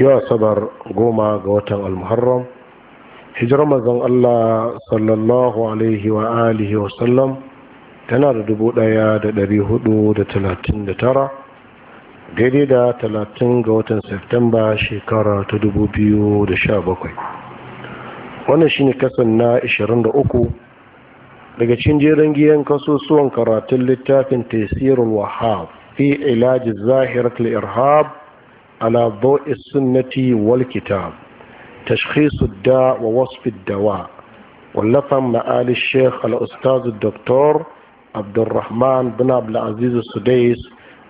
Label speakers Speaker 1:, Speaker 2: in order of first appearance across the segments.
Speaker 1: yau asabar goma ga watan almuharram hijirar mazan allah sallallahu alaihi wa alihi wa sallam tana da dubu daya da dari hudu da talatin da tara daidai da talatin ga watan Septemba shekara ta dubu biyu da sha bakwai wannan shine kasan na ashirin da uku daga cin jerin giyan kasusuwan karatun littafin tasirin wahab fi ilajin zahirar irhab على ضوء السنة والكتاب تشخيص الداء ووصف الدواء واللفا معالي الشيخ الأستاذ الدكتور عبد الرحمن بن عبد العزيز السديس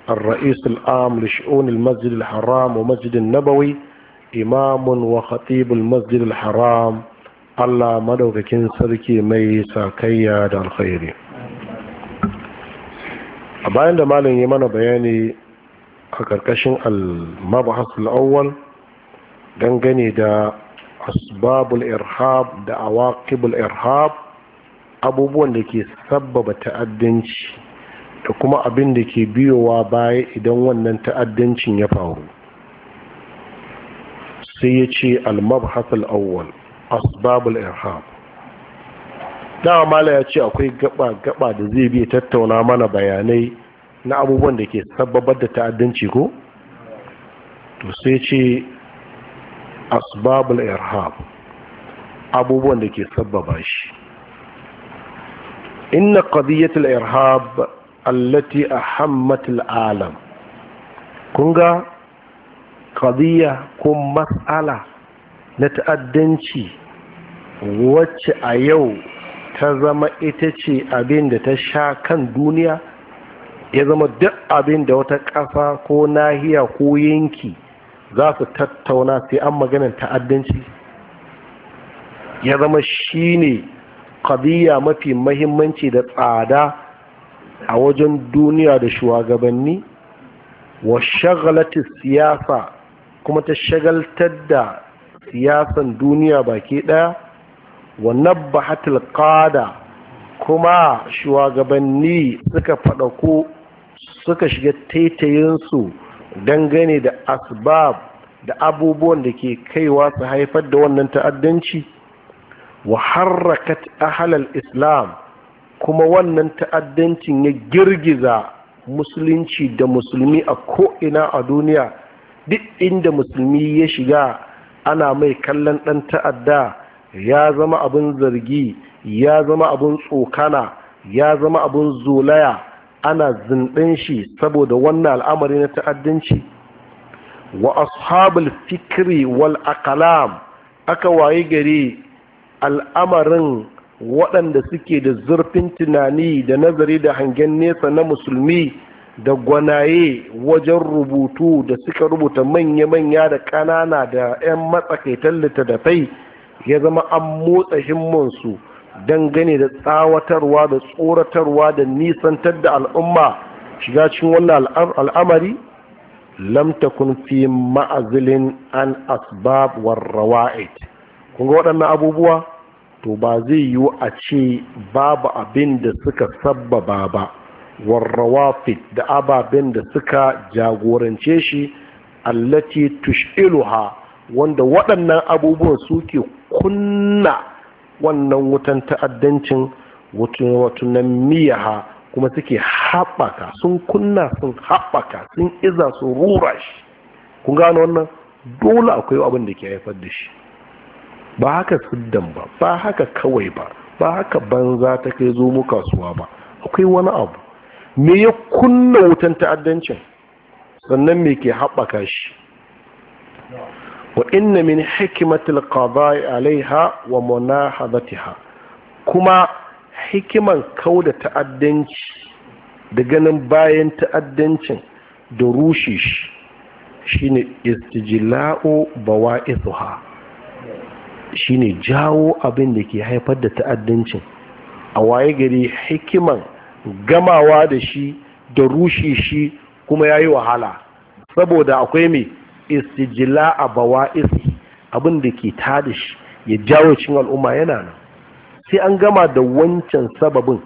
Speaker 1: الرئيس العام لشؤون المسجد الحرام ومسجد النبوي إمام وخطيب المسجد الحرام الله كن سركي مي ساكيا دا الخير bayan da malin ya a ƙarƙashin al-mabahasul awwal dangane da asbabul irhab da awaqibul irhab abubuwan da ke sabbaba ta'addanci da kuma abin da ke biyowa baya idan wannan ta'addancin ya faru sai ya ce al-mabhasul awwal asbabul irhab dama mala ya ce akwai gaba gaba da zai biya tattauna mana bayanai na abubuwan da ke sababar da ta'addanci ko to sai ce asbabul irhab abubuwan da ke sababa shi inna qadiyatul irhab allati ahammatul alam kun ga qadiya ko matsala na ta'addanci wacce a yau ta zama ita ce abin da ta sha kan duniya ya zama duk abin da wata ƙasa ko nahiya ko yanki za su tattauna sai an maganin ta'addanci ya zama shi ne ƙadiyya mafi mahimmanci da tsada a wajen duniya da shugabanni wa shagalata siyasa kuma ta shagaltar da siyasan duniya baki ɗaya wa nabba kada kuma shugabanni suka faɗa ko suka shiga taitayinsu dangane da asbab da abubuwan da ke kaiwa su haifar da wannan ta'addanci wa harrakat ahalal islam kuma wannan ta'addancin ya girgiza musulunci da musulmi a ko'ina a duniya duk inda musulmi ya shiga ana mai kallon ɗan ta'adda ya zama abin zargi ya zama abin tsokana ya zama abin zolaya ana zinɗin shi saboda wannan al'amari na ta'addanci wa ashabul fikri wal aqlam aka waye gari al'amarin waɗanda suke da zurfin tunani da nazari da hangen nesa na musulmi da gwanaye wajen rubutu da suka rubuta manya-manya da ƙanana da 'yan matsakaitar littattafai ya zama an motsa su dangane da tsawatarwa da tsoratarwa da nisantar da al'umma shiga cikin wannan al'amari Lamta kun fi ma'azilin an asbab war rawa'id kun ga waɗannan abubuwa to ba zai yiwu a ce babu abin da suka sabbaba ba warrawafit da ababen da suka jagorance shi allati tushiluha wanda waɗannan abubuwan suke kunna wannan wutan ta'addancin wato na miyaha kuma suke haɓaka sun kunna sun haɓaka sun iza su rura shi kun gano wannan dole akwai abin da ke haifar da shi ba haka suddan ba ba haka kawai ba ba haka banza ta kai zo mu kasuwa ba akwai wani abu me ya kunna wutan ta'addancin sannan me ke haɓaka shi wa inna min hikimatil qada'i alaiha wa munahadatiha kuma hikiman kauda ta'addanci da ganin bayan ta'addancin da rushe shi shine istijla'u bawa'ithuha shine jawo abin da ke haifar da ta'addancin a waye gari hikiman gamawa da shi da rushe shi kuma yayi wahala saboda akwai mai istijila a Bawa abin da ke tada shi ya jawo cin al'umma yana nan sai an gama da wancan sababin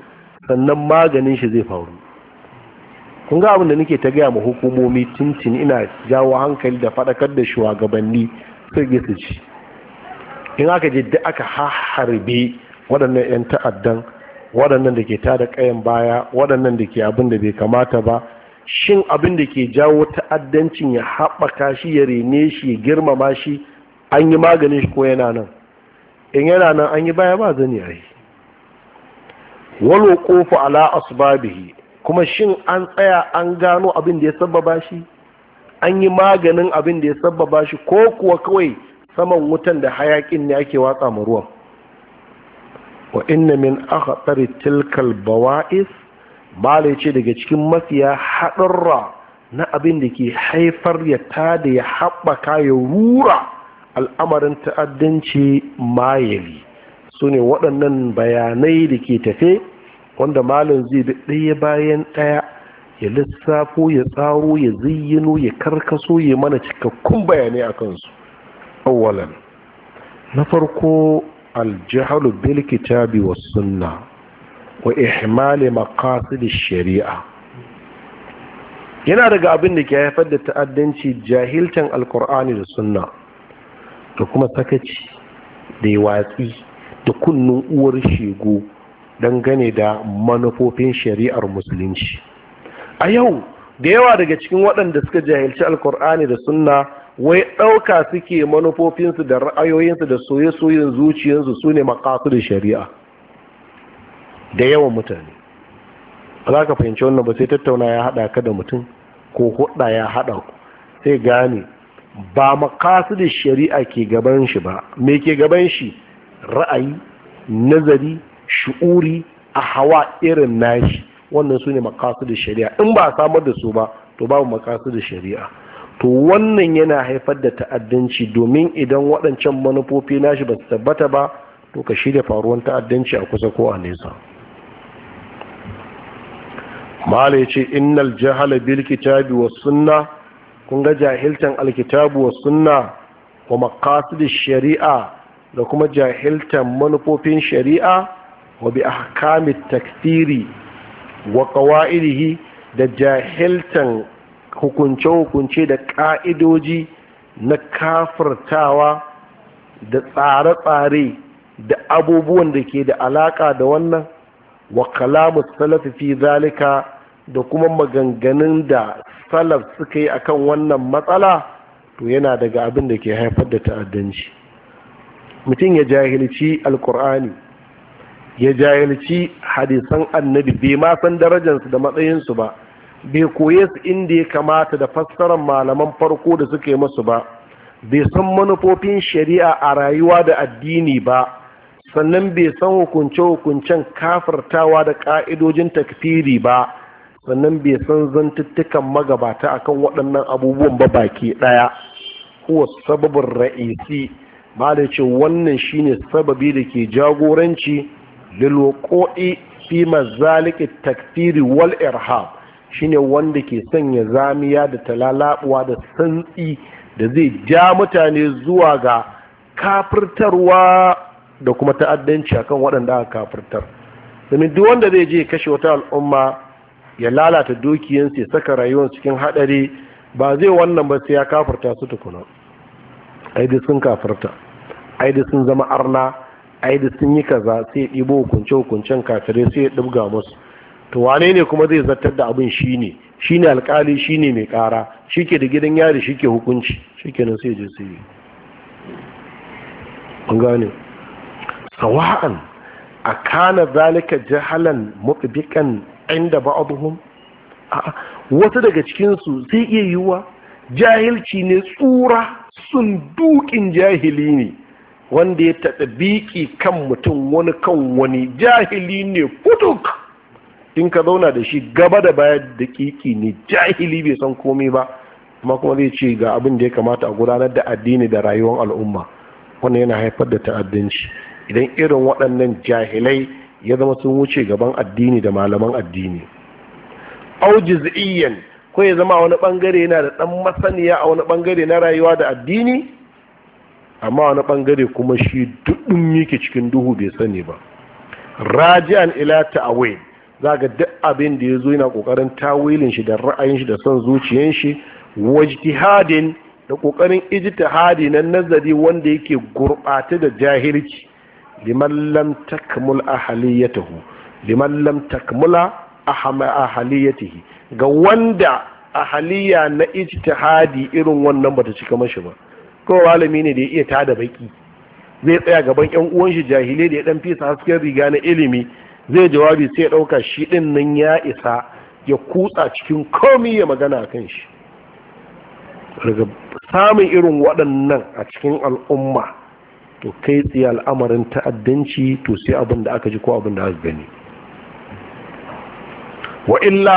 Speaker 1: sannan maganin shi zai faru kun ga abin da nake ta gaya ma hukumomi tuntun ina jawo hankali da faɗakar da shugabanni sai su ci in aka je da aka harbe waɗannan 'yan ta'addan waɗannan da ke tada ƙayan baya waɗannan da ke abin da bai kamata ba shin abin da ke jawo ta'addancin ya haɓaka shi ya rene shi ya girmama shi an yi maganin shi ko yana nan in yana nan an yi baya ba zan yi walo kofa ala asbabihi kuma shin an tsaya an gano abin da ya sababa shi an yi maganin abin da ya sababa shi ko kuwa kawai saman wutan da hayakin ne ake watsa ma ruwan wa inna min akhatar tilkal bawa'is ya ce daga cikin mafiya haɗarra na abin da ke haifar ya tada ya haɓaka ya rura al'amarin ta'addanci mayali su ne waɗannan bayanai da ke tafe wanda malin zai bi ɗaya bayan ɗaya ya lissafo ya tsaro ya zayyano ya karkaso ya mana cikakkun bayanai a kansu awalan na farko aljihalu bil kitabi wa sunna wa ihmali maqasid shari'a yana daga abin da ke haifar da ta'addanci jahilcin alkur'ani da sunna da kuma sakaci da ya da kunnun uwar shego dangane da manufofin shari'ar musulunci a yau da yawa daga cikin waɗanda suka jahilci alkur'ani da sunna wai ɗauka suke manufofinsu da ra'ayoyinsu da soye-soyen zuciyarsu su ne makasu da shari'a da yawan mutane za ka fahimci wannan ba sai tattauna ya haɗa ka da mutum ko hudda ya haɗa ku sai gane ba makasu da shari'a ke gaban shi ba me ke gaban shi ra'ayi nazari shu'uri a hawa irin nashi wannan su ne makasu da shari'a in ba samar da su ba to babu makasu da shari'a to wannan yana haifar da ta'addanci domin idan waɗancan manufofi nashi ba su tabbata ba to ka shirya faruwan ta'addanci a kusa ko a nesa mala ya ce innal jahala bil kitabi wa sunna kun ga jahiltan alkitabu wa sunna wa maqasid shari'a da kuma jahiltan manufofin shari'a wa bi ahkami takfiri wa qawaidihi da jahiltan hukunce-hukunce da ka'idoji na kafirtawa da tsare-tsare da abubuwan da ke da alaka da wannan wa kalamu salafi fi zalika da kuma maganganun da salaf suka yi akan wannan matsala to yana daga abin da ke haifar da ta'addanci mutum ya jahilci alkur'ani ya jahilci hadisan annabi bai ma san darajarsu da matsayinsu ba bai koye su inda ya kamata da fassarar malaman farko da suka yi masu ba bai san manufofin shari'a a rayuwa da addini ba sannan bai san hukunce-hukuncen kafartawa da ka'idojin takfiri ba sannan bai san zantuttukan magabata akan waɗannan abubuwan ba baki ɗaya huwa sababin ra'isi ba da ce wannan shine sababi da ke jagoranci lilwakoɗi fi mazalikin takfiri wal irhab shine wanda ke sanya zamiya da talalabuwa da santsi da zai ja mutane zuwa ga kafirtarwa da kuma ta'addanci akan waɗanda aka kafirtar domin duk wanda zai je kashe wata al'umma ya lalata dukiyansu ya saka rayuwar cikin hadari ba zai wannan ba sai ya kafarta su tukuna aidi sun kafarta aidi sun zama arna aidi sun yi kaza sai ya ɗibo hukunce hukuncen kafirai sai ya ɗibga musu to wane ne kuma zai zartar da abin shi ne? shi ne alkali ne mai kara ke da gidan yari shi ke hukunci shi ke nan sai je sai an gane sawa'an kana zalika jihalan mutbiqan inda A'a wata daga cikin su zai iya yiwuwa jahilci ne tsura sun dukin jahili ne wanda ya taɗa kan mutum wani kan wani jahili ne kutuk in ka zauna da shi gaba da baya da kiki ne jahili bai san komai ba amma kuma zai ce ga abin da ya kamata a gudanar da addini da rayuwar al'umma wannan yana haifar da ta'addanci idan irin waɗannan jahilai ya zama sun wuce gaban addini da malaman addini au ko ya zama a wani ɓangare yana da ɗan masaniya a wani bangare na rayuwa da addini amma wani bangare kuma shi duɗin yake cikin duhu bai sani ba raji'an ila za ka duk abin da ya zo yana ƙoƙarin tawilin shi da ra'ayin shi da son zuciyan shi wajtihadin da ijita ijtihadi na nazari wanda yake gurɓata da jahilci liman lam takmul ahaliyatahu liman lam takmula ahaliyatihi ga wanda ahaliya na ijtihadi irin wannan bata cika mashi ba kowa malami ne da ya iya tada baki zai tsaya gaban yan uwan shi jahilai da ya dan fisa hasken riga na ilimi zai jawabi sai ya dauka shi din nan ya isa ya kutsa cikin komi ya magana kan shi samun irin waɗannan a cikin al'umma to kai tsaye al'amarin ta'addanci to sai abin da aka ji ko abin da aka gani wa illa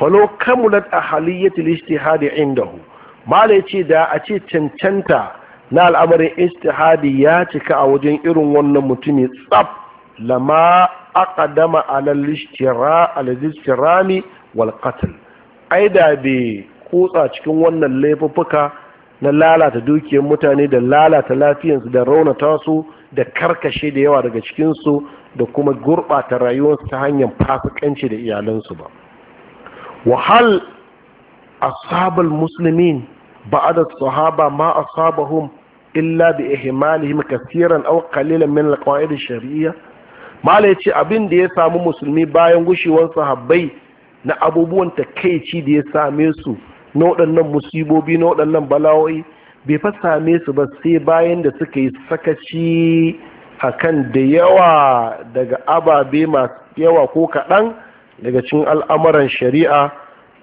Speaker 1: falo kamulat a haliyyatul ijtihadi indahu mala ce da a ce cancanta na al'amarin istihadi ya cika a wajen irin wannan mutumi tsab lama aqdama ala al-ijtira wal qatl ai da bai kutsa cikin wannan laifuffuka na lalata dukiyar mutane da lalata lafiyansu da raunata su da karkashe da yawa daga cikinsu da kuma gurɓata rayuwarsu ta hanyar fasikanci da iyalansu ba wahal ba a da sahaba ma asabahum illa bi ihmalihim kaseeran au kalilan min alqawaid shari'a? mala yace abin da ya samu musulmi bayan gushewar sahabbai na abubuwan takeici da ya same su na waɗannan musibobi na waɗannan bala'o'i bai fa same su ba sai bayan da suka yi sakaci akan da yawa daga ababe masu yawa ko kaɗan daga cin al'amuran shari'a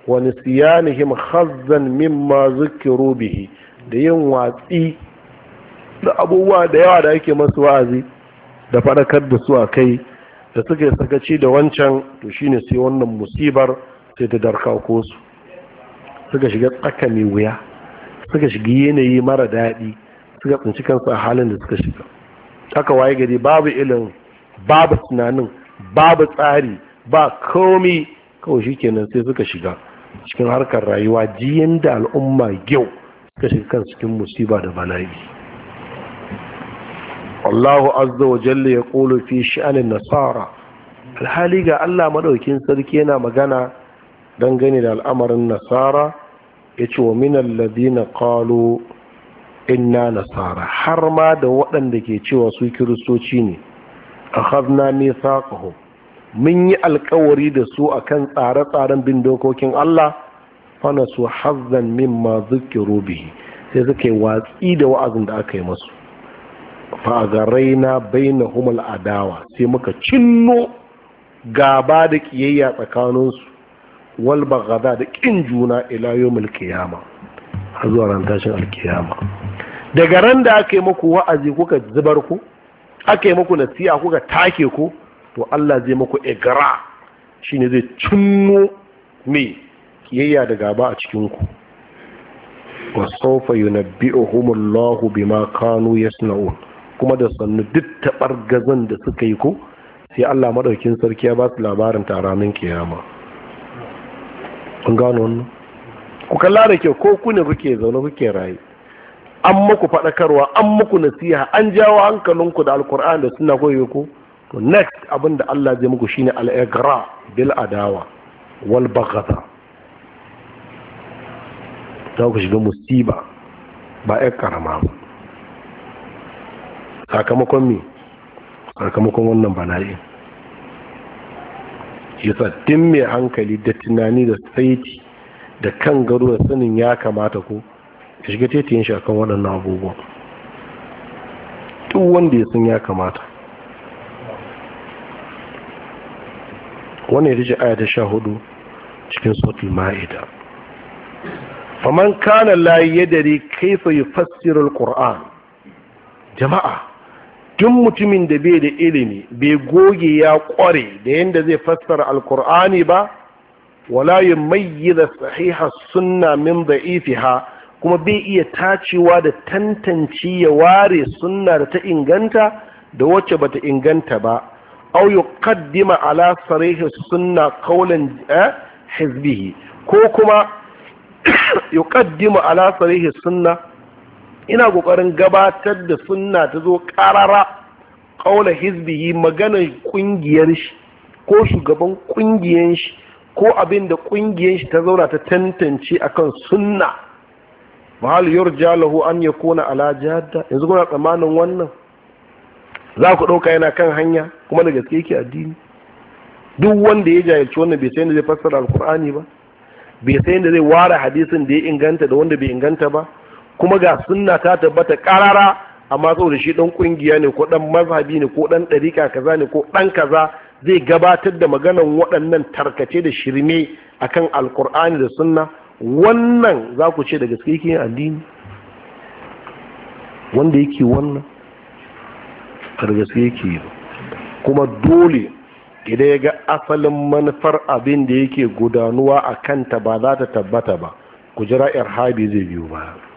Speaker 1: wa siyanihim hazzan mimma zukiru bihi da yin watsi da abubuwa da yawa da ake masu wa'azi da faɗakar da su a kai da suka yi sakaci da wancan to shine sai wannan musibar sai ta darka ko su suka shiga tsaka wuya suka shiga yanayi mara daɗi suka tsinci kansu a halin da suka shiga aka waye gari babu ilin babu tunanin babu tsari ba komi kawai shi kenan sai suka shiga cikin harkar rayuwa jiyan da al'umma yau suka shiga kan cikin musiba da bala'i Allahu azza wa jalla ya kulu fi sha'anin nasara alhali ga Allah madaukin sarki yana magana dangane da al'amarin nasara ya ce wa minan ladina in inna nasara har ma da waɗanda ke cewa su kiristoci ne a hazna ne mun yi alkawari da su a kan tsare-tsaren bin dokokin Allah fana su hazzan mimma zukiru bihi sai suka yi watsi da wa'azin da aka yi masu baina humul adawa sai muka cinno gaba da ƙiyayya tsakaninsu walbagada da ƙin juna ila yawmil har zuwa ran tashin alkiyama daga ran da ake muku wa'azi kuka zubar ku ake muku nasiha kuka take ku to Allah zai muku igra shine zai cinno me kiyayya da gaba a cikin ku wa sawfa yunabbi'uhumullahu bima kanu yasna'un kuma da sannu duk taɓar gazan da suka yi ko sai Allah maɗaukin sarki ya ba su labarin taramin kiyama kun gano wannan ku kalla da kyau ko ku ne kuke zaune kuke raye an muku faɗakarwa an muku nasiha an jawo hankalinku da alkur'an da suna koyo ku to next abin da Allah zai muku shine al-igra bil adawa wal baghadha za ku shiga musiba ba ƴar karama ba sakamakon me sakamakon wannan bala'i yasa mai hankali da tunani da saiti da kan gado da sanin ya kamata ko ya shiga tetiyin shi akan waɗannan abubuwan duk wanda ya san ya kamata Wani ya ce sha hudu cikin sautin ma'ida faman ya la Kai kaifa fassirar alquran jama'a duk mutumin da bai da ilimi bai goge ya kware da yadda zai fassara alkur'ani ba wala da sahiha sunna min ha, kuma bai iya tacewa da tantanci ya ware sunna da ta inganta da wacce bata inganta ba Au yi kaddima ala sarihi sunna qawlan hezbihi eh, ko kuma kaddima ala sarihi sunna ina kokarin gabatar da sunna ta zo karara kaula hizbihi maganar kungiyar shi ko shugaban kungiyar shi ko abin da kungiyar shi ta zauna ta tantance akan sunna mahal yurja jalahu an kona ala jadda yanzu kuna tsamanin wannan za ku ɗauka yana kan hanya kuma da gaske yake addini duk wanda ya jahilci wannan bai san da zai fassara alkur'ani ba bai san da zai ware hadisin da ya inganta da wanda bai inganta ba kuma ga sunna ta tabbata karara amma saboda shi ɗan kungiya ne ko dan mazhabi ne ko dan dariƙa kaza ne ko dan kaza zai gabatar da maganan waɗannan tarkace da shirme akan alkur'ani da sunna wannan za ku ce da gaske yake addini wanda yake wannan da gaske yake yi kuma dole idan ya ga asalin manufar abin da yake gudanuwa a kanta ba za ta tabbata ba ku jira irhabi zai biyu ba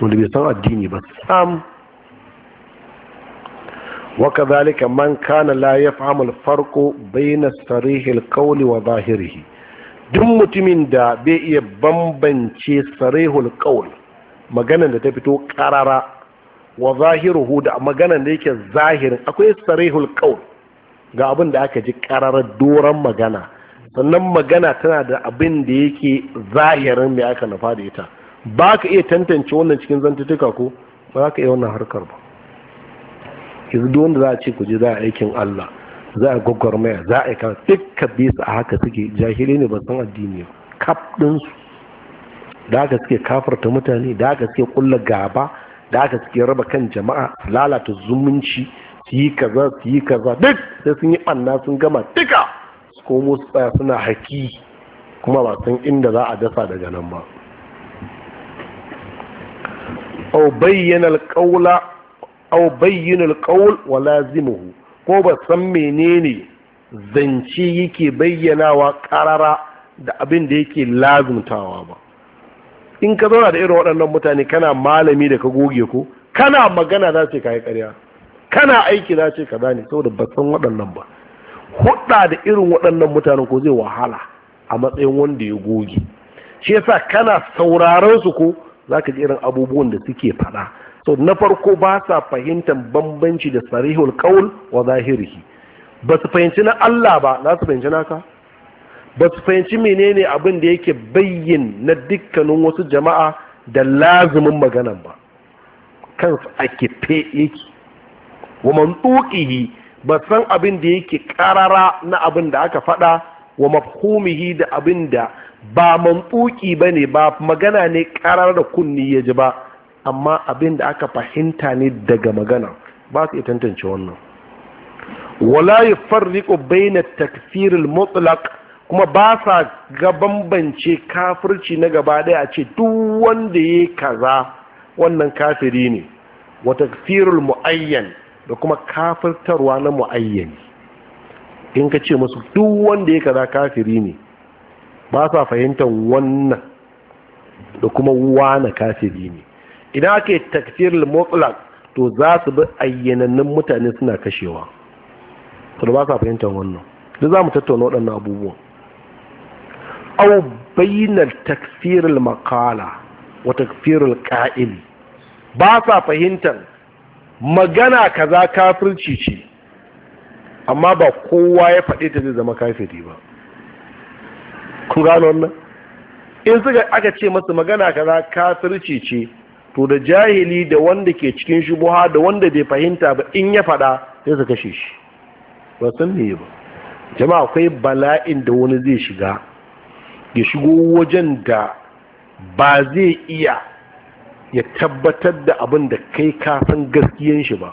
Speaker 1: wanda bai san addini ba sam waka zalika man kana la ya fahimul farko na sarihil kauli wa zahirihi duk mutumin da bai iya bambance sarihul kauli maganan da ta fito karara wa zahiruhu da maganan da yake zahirin akwai sarihul kauli ga abin da aka ji karara doron magana sannan magana tana da abin da yake zahirin mai aka nufa da ita ba ka iya tantance wannan cikin zantutuka ko ba ka iya wannan harkar ba yanzu duk wanda za a ce ku je za a aikin Allah za a gwaggwar maya za a aika dukkan bisa a haka suke jahilai ne ba san addini ba kaf ɗinsu da haka suke kafarta mutane da haka suke kulla gaba da haka suke raba kan jama'a lalata zumunci su yi kaza su yi kaza duk sai sun yi ɓanna sun gama duka su komo su tsaya suna haƙi kuma ba san inda za a dasa daga nan ba aw bayyana alqawla aw bayyana alqawl wa lazimuhu ko ba san menene zance yake bayyanawa karara da abin da yake lazumtawa ba in ka zauna da irin waɗannan mutane kana malami da ka goge ko kana magana za ce kayi ƙarya kana aiki za ce kaza ne saboda ba san waɗannan ba hudda da irin waɗannan mutanen ko zai wahala a matsayin wanda ya goge shi yasa kana sauraron su ko za ka ji irin abubuwan da suke faɗa so na farko ba sa fahimtar bambanci da sarihul qaul wa zahiri. ba su fahimci na Allah ba za su fahimci naka ba su fahimci menene abin da yake bayyin na dukkanin wasu jama'a da lazumin magana ba kansu a kife yake wa mantuƙihi ba san abin da yake ƙarara na abin da aka faɗa wa mafhumihi da abin da ba mamɓuki ba ne ba magana ne karar da kunni ya ji ba amma abin da aka fahimta ne daga magana ba su iya tantance wannan wala ya ko baina takfiril mutlaq kuma ba sa ga bambance kafirci na gaba daya a ce duk wanda ya kaza wannan kafiri ne wa takfirul muayyan da kuma kafirtarwa na muayyani in ka ce musu duk wanda ya kaza kafiri ne ba sa fahimtar wannan da kuma wana kafiri ne idan ake takfirul mutlaq to za su bi ayyanannun mutane suna kashewa to ba sa fahimtar wannan duk za mu tattauna waɗannan abubuwan aw bainal takfirul maqala wa takfirul qa'il ba sa fahimtar magana kaza kafirci ce amma ba kowa ya faɗi ta zai zama kafiri ba kun gano wannan in suka aka ce masa magana kaza kafirci ce to da jahili da wanda ke cikin shubuha da wanda bai fahimta ba in ya faɗa sai su kashe shi ba san me ba jama'a akwai bala'in da wani zai shiga ya shigo wajen da ba zai iya ya tabbatar da abin da kai kafin gaskiyan shi ba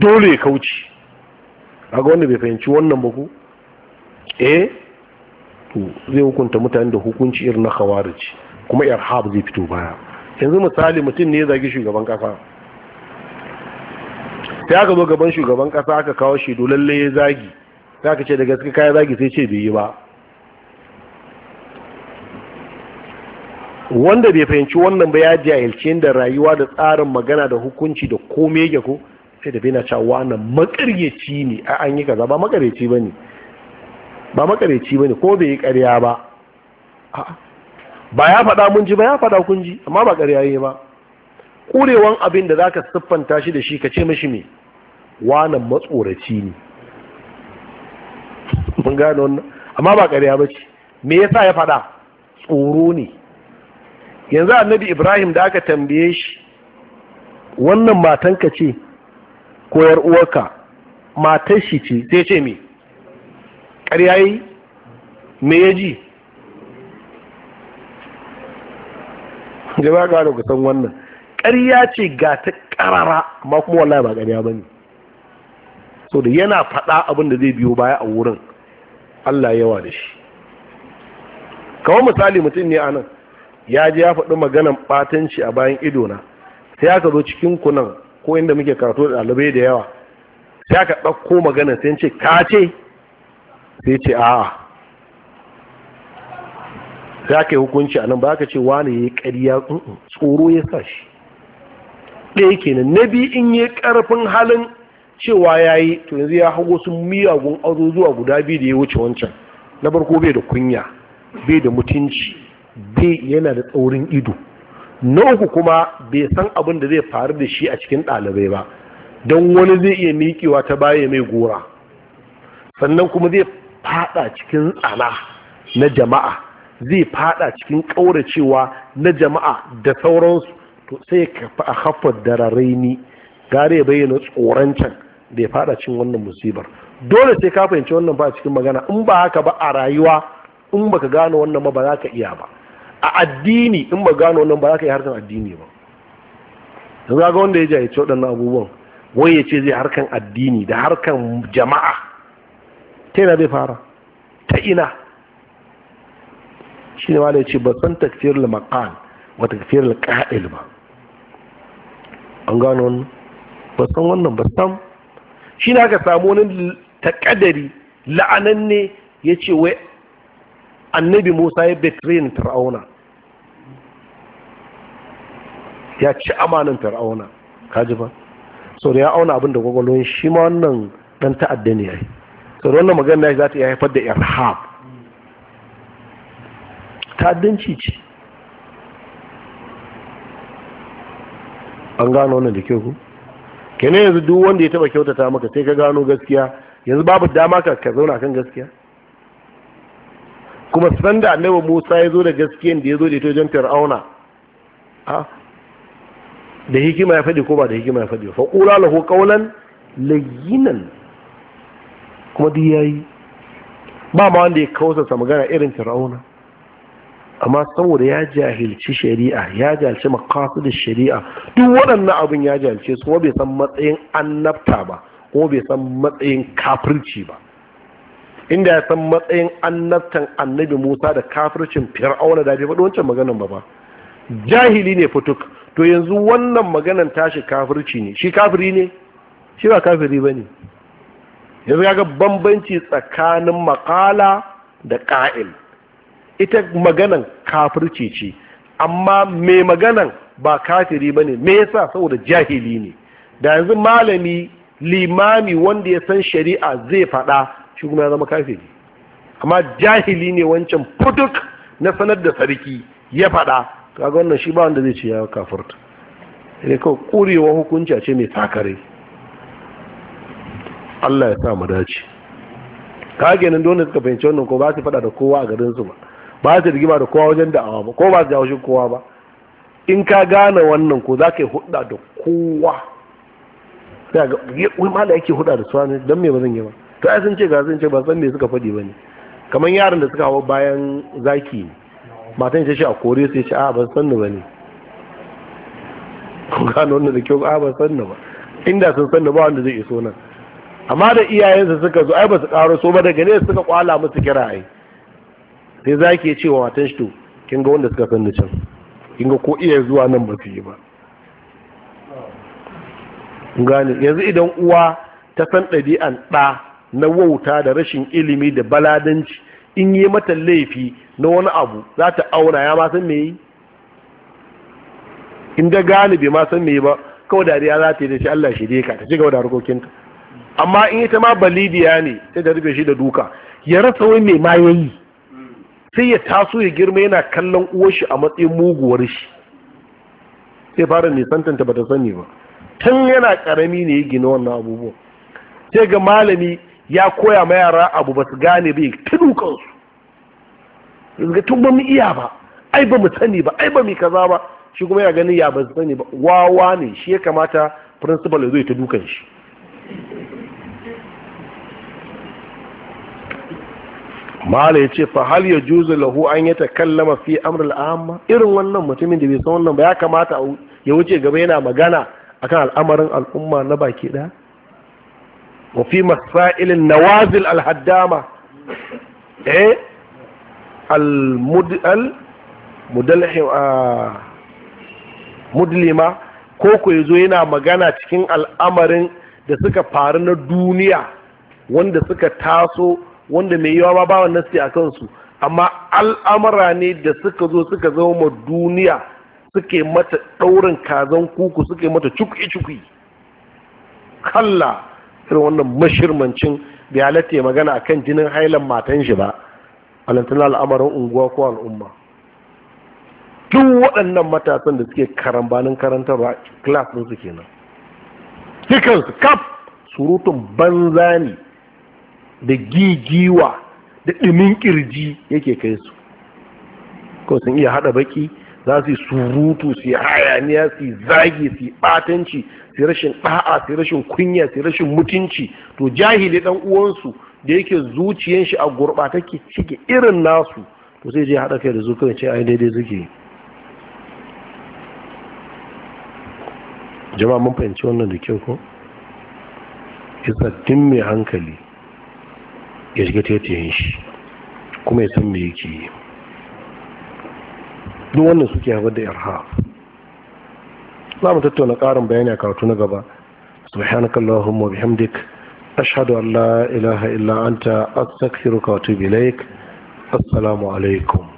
Speaker 1: dole ya kauce ga wanda bai fahimci wannan ba ku eh to zai hukunta mutane da hukunci irin na khawarij kuma irhab zai fito baya yanzu misali mutum ne ya zagi shugaban kasa sai aka zo gaban shugaban kasa aka kawo shi do lalle ya zagi sai ce da gaske kai zagi sai ce bai yi ba wanda bai fahimci wannan ba ya jahilci da rayuwa da tsarin magana da hukunci da komai yake ko sai da bai na cewa wannan makaryaci ne a an yi kaza ba makaryaci bane ba makareci bane ko bai yi ƙarya ba ba ya faɗa mun ji ba ya faɗa kun ji amma ba ƙarya yi ba ƙurewan abin da zaka siffanta shi da shi ka ce mashi me wannan matsoraci ne mun gane wannan amma ba ƙarya ba ce me yasa ya faɗa tsoro ne yanzu annabi ibrahim da aka tambaye shi wannan matanka ce ko yar uwarka matar shi ce sai ce me ƙarya yi me ya ji jama'a gano kusan wannan ƙarya ce ga ta ƙarara ma kuma wallahi ba ƙarya ba ne so da yana faɗa abin da zai biyo baya a wurin allah yawa da shi kawai misali mutum ne anan ya ji ya faɗi maganan ɓatanci a bayan idona sai aka zo cikin kunan ko inda muke karatu da ɗalibai da yawa sai aka ɗauko maganan sai ce ka ce sai ce a'a za ka yi hukunci a nan ba ka ce wani ya yi ƙarya tsoro ya sa shi ɗaya kenan na biyu in yi karfin halin cewa ya yi to yanzu ya hago sun miyagun azo zuwa guda biyu da ya wuce wancan na barko bai da kunya bai da mutunci bai yana da tsaurin ido na uku kuma bai san abin da zai faru da shi a cikin ɗalibai ba don wani zai iya miƙewa ta baya mai gora sannan kuma zai fada cikin tsana na jama'a zai fada cikin kauracewa na jama'a da sauransu to sai ka a da dararaini gare bayyana tsoron can da ya fada cikin wannan musibar dole sai ka fahimci wannan ba cikin magana in ba haka ba a rayuwa in baka gano wannan ba ba za ka iya ba a addini in ba gano wannan ba za ka yi harkan addini ba yanzu ga wanda ya jahilci waɗannan abubuwan wai ya ce zai harkar addini da harkan jama'a ta yana zai fara ta ina shi ne ma ce ba san tafiyar maqal wa tafiyar qa'il ba an gano wannan ba san wannan ba san shi ne aka samu wani taƙadari la'ananne ya ce wai annabi musa ya ni tar'auna ya ci amanin ka kaji ba sau da ya auna abin da gwagwalon shi ma wannan dan ta'adda ne ya yi sau wannan magana za ta iya haifar da irhab ta'addanci ce an gano wannan da kyau ku kene yanzu duk wanda ya taba kyautata maka sai ka gano gaskiya yanzu babu dama ka ka zauna kan gaskiya kuma sanda annabi Musa ya zo da gaskiyan da ya zo da ita wajen Fir'auna a da hikima ya faɗi ko ba da hikima ya faɗi fa qula lahu qawlan layyinan kuma duk yayi ba ma wanda ya kausasa magana irin fir'auna amma saboda ya jahilci shari'a ya jahilci da shari'a duk waɗannan abin ya jahilce su kuma bai san matsayin annabta ba kuma bai san matsayin kafirci ba inda ya san matsayin annabtan annabi Musa da kafircin fir'auna da bai faɗi wancan maganan ba ba jahili ne fituk to yanzu wannan maganan tashi kafirci ne shi kafiri ne shi ba kafiri ba ne yanzu kaga bambanci tsakanin makala da ƙa'il ita maganan kafirci ce amma mai maganan ba kafiri ba ne me yasa saboda jahili ne da yanzu malami limami wanda ya san shari'a zai faɗa shi kuma zama kafiri amma jahili ne wancan fuduk na sanar da sarki ya faɗa kaga wannan shi ba wanda zai ce ya kafirta ne kawai kurewa hukunci ce mai sakare Allah ya sa mu dace kage nan dole suka fahimci wannan ko ba su fada da kowa a garin su ba ba su rigima da kowa wajen da'awa ba ko ba su jawo shi kowa ba in ka gane wannan ko za ka yi hudda da kowa sai ga wani mala yake hudda da suwa ne don me ba zan yi ba to ai sun ce ga sun ce ba san me suka faɗi ba ne kamar yaran da suka hawa bayan zaki matan ce shi a kore sai ce a ban san ni ba ne ko gane wannan da kyau a ban san ni ba inda sun san ni ba wanda zai iso nan amma da iyayensa suka zo ai ba su karo so ba daga ne suka kwala musu kiraye. sai za ki ce wa watan shi to kin ga wanda suka sanni can kin ga ko iya zuwa nan ba su yi ba gani yanzu idan uwa ta san ɗabi'an ɗa na wauta da rashin ilimi da baladanci in yi mata laifi na wani abu za ta auna ya ma san me yi in da gane bai ma san me yi ba kawai dariya za ta yi da shi Allah shi dai ka ta ci gaba da harkokinta amma in ita ma balidiya ne sai da rufe shi da duka ya rasa wai mai ma yi sai ya taso ya girma yana kallon uwar shi a matsayin muguwar shi sai fara ta bata sani ba tun yana karami ne ya gina wannan abubuwan sai ga malami ya koya ma yara abu ba su gane bai ta dukansu ga tun ba mu iya ba ai ba mu sani ba ai ba mu kaza ba shi kuma ya gani ya ba su sani ba wawa ne shi ya kamata principal ya zo ya ta dukan shi mala ya ce fahal ya juzu lahu an ya takallama fi amrul amma irin wannan mutumin da bai san wannan ba ya kamata ya wuce gaba yana magana akan al'amarin al'umma na baki da? wa fi masailin nawazil haddama eh al ah, mudlima ko ku yi zo yana magana cikin al'amarin da suka faru na duniya wanda suka taso wanda mai yawa ba bawan nasi a kansu amma al'amara ne da suka zo suka zama duniya suke mata ɗaurin kazan kuku suke mata cuki-cuki kalla irin wannan mashirmancin bai halatta ya magana akan jinin hailan matan shi ba alantana al'amarin unguwa ko al'umma duk waɗannan matasan da suke karambanin karantarwa suke kenan dukansu kaf surutun banza ne da gigiwa da ɗumin ƙirji yake kai su ko sun iya haɗa baki za su yi surutu su yi hayaniya su yi zagi su yi ɓatanci su rashin ɗa'a su rashin kunya su rashin mutunci to jahili ɗan uwansu da yake zuciyan shi a gurɓatacce cike irin nasu to sai je haɗa kai da zuciyar ce ai daidai suke jama'a mun fahimci wannan da kyau ko isattin mai hankali ya shiga taitayen shi kuma ya san me yake yi duk wannan suke haifar da irha za mu tattauna ƙarin bayani a karatu na gaba subhanaka allahumma bihamdik ashhadu an la ilaha illa anta astaghfiruka wa atubu ilaik assalamu alaikum